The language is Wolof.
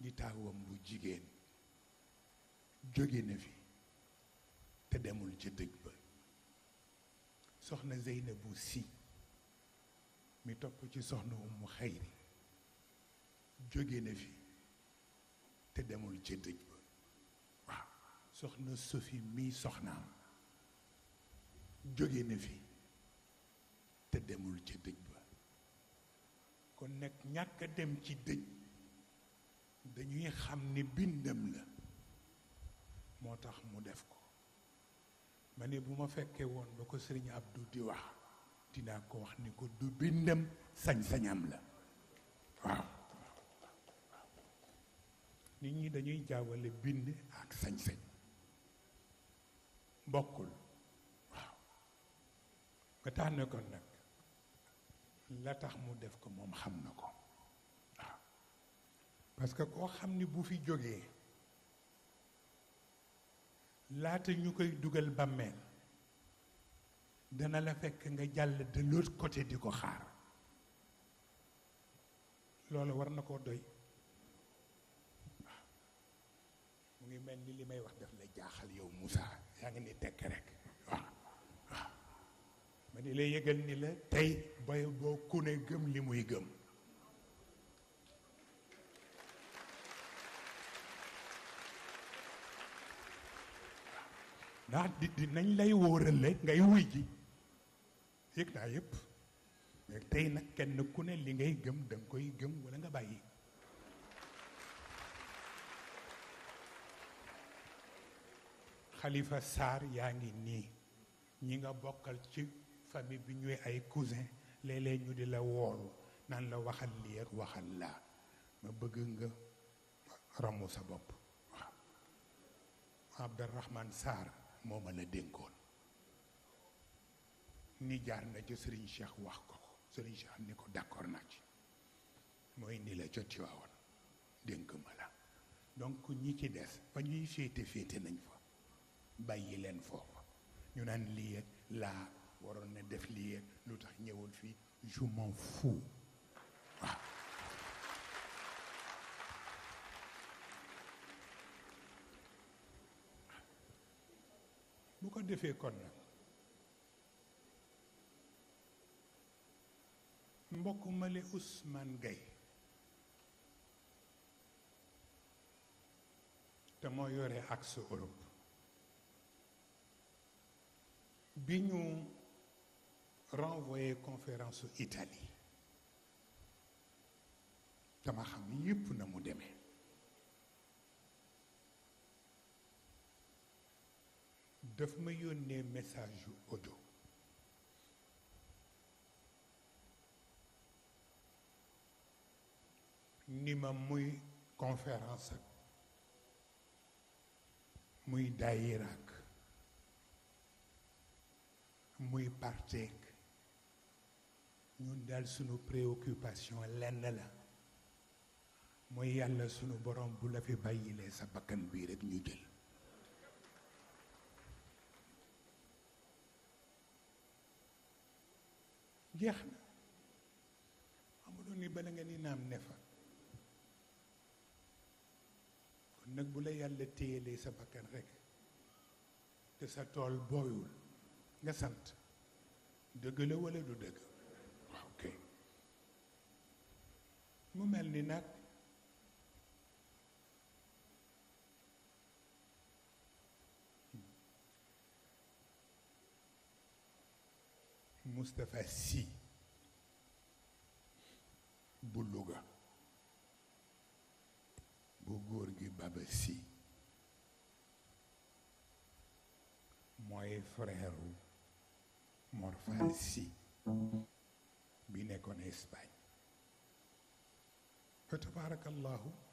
di taawam bu jigéen jóge na fi te demul ca dëj ba soxna Zeynabu Si mi topp ci soxna Umu Xayri jóge na fi te demul ca dëj ba waaw soxna Sofi mii soxnaam jóge na fi te demul ca dëj ba kon nag ñàkk a dem ci dëj dañuy xam ni bindam la moo tax mu def ko ma ne bu ma fekkee woon ba ko sëriñ Abdou di wax dinaa ko wax ni ko du bindam sañ-sañam la waaw nit ñi dañuy jaawale bind ak sañ-sañ bokkul waaw nga tax ne nag la tax mu def ko moom xam na ko parce que koo xam ni bu fi jógee laata ñu koy dugal bàmmeel dana la fekk nga jàll de l'autre côté di ko xaar loolu war na koo doy mu ngi mel ni li may wax daf la jaaxal yow Moussa yaa ngi ni tekk rek waaw waaw ma ni lay yëgal ni la tey bay boo ku gëm li muy gëm ndax di nañ lay wóorale ngay wuy ji yëg naa yëpp mais tey nag kenn ku ne li ngay gëm da koy gëm wala nga bàyyi xalifa saar yaa ngi nii ñi nga bokkal ci famille bi ñuy ay cousin léeg ñu di la woolu naan la waxal lii ak waxal laa ma bëgg nga ramu sa bopp waaw Abdurahman Sarr moo mën a dénkoon ni jaar na ca Serigne Cheikh wax ko ko Serigne Cheikh ni ko d'accord naa ci mooy ni la ca Tiwaawan dénk ma la donc ñi ci des fa ñuy féete féete nañ fa bàyyi leen foofa ñu naan lii laa waroon na def lii lu tax ñëwul fii je fu bu ko defee kon nag mbokk male Ousmane Gaye te moo yore axe Europe bi ñu renvoyé conférence Italie dama xam yépp na mu demee daf ma yónnee message yu ojo ni ma muy conférence ak muy daayira muy parteek ñun daal sunu préoccupation lenn la mooy yàlla sunu borom bu la fi bàyyilee sa bakkan bii rek ñu jeex na amuloon ni bala nga ni naam ne fa kon nag bu la yàlla téyelee sa bakkan rekk te sa tool booyul nga sant dëgg la walla du dëgg mu mel ni nag Moustapha Sy bu Louga bu góor gi Baba Sy mooy frère Mor Fall Sy bi nekkoon Espagne fa tabarakallahu